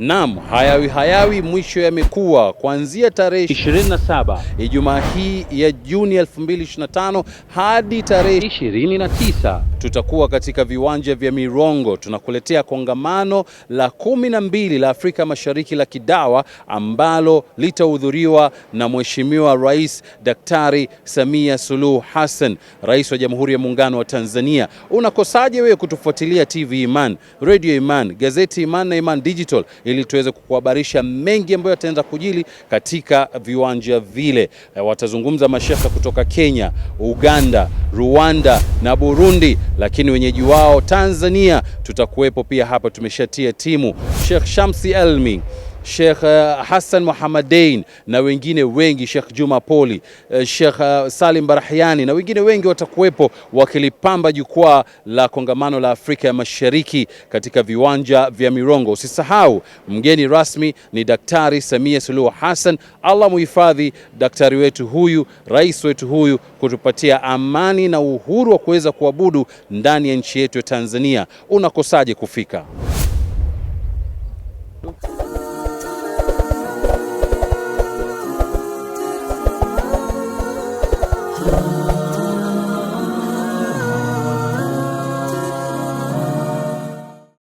Naam, hayawi hayawi mwisho yamekuwa. Kuanzia tarehe 27 Ijumaa hii ya Juni 2025 hadi tarehe 29 tutakuwa katika viwanja vya Mirongo tunakuletea kongamano la kumi na mbili la Afrika Mashariki la Kidawa ambalo litahudhuriwa na Mheshimiwa Rais Daktari Samia Suluhu Hassan, Rais wa Jamhuri ya Muungano wa Tanzania. Unakosaje wewe kutufuatilia TV Iman, Radio Iman, Gazeti Iman na Iman Digital? ili tuweze kukuhabarisha mengi ambayo yataanza kujili katika viwanja vile. Eh, watazungumza mashekhe kutoka Kenya, Uganda, Rwanda na Burundi, lakini wenyeji wao Tanzania tutakuwepo pia hapa. Tumeshatia timu Sheikh Shamsi Elmi Sheikh uh, Hassan Muhammadain na wengine wengi, Sheikh Juma Poli, uh, Sheikh uh, Salim Barahiani na wengine wengi watakuwepo wakilipamba jukwaa la kongamano la Afrika ya Mashariki katika viwanja vya Mirongo. Usisahau mgeni rasmi ni Daktari Samia Suluhu Hassan. Allah muhifadhi daktari wetu huyu, rais wetu huyu, kutupatia amani na uhuru wa kuweza kuabudu ndani ya nchi yetu ya Tanzania. Unakosaje kufika?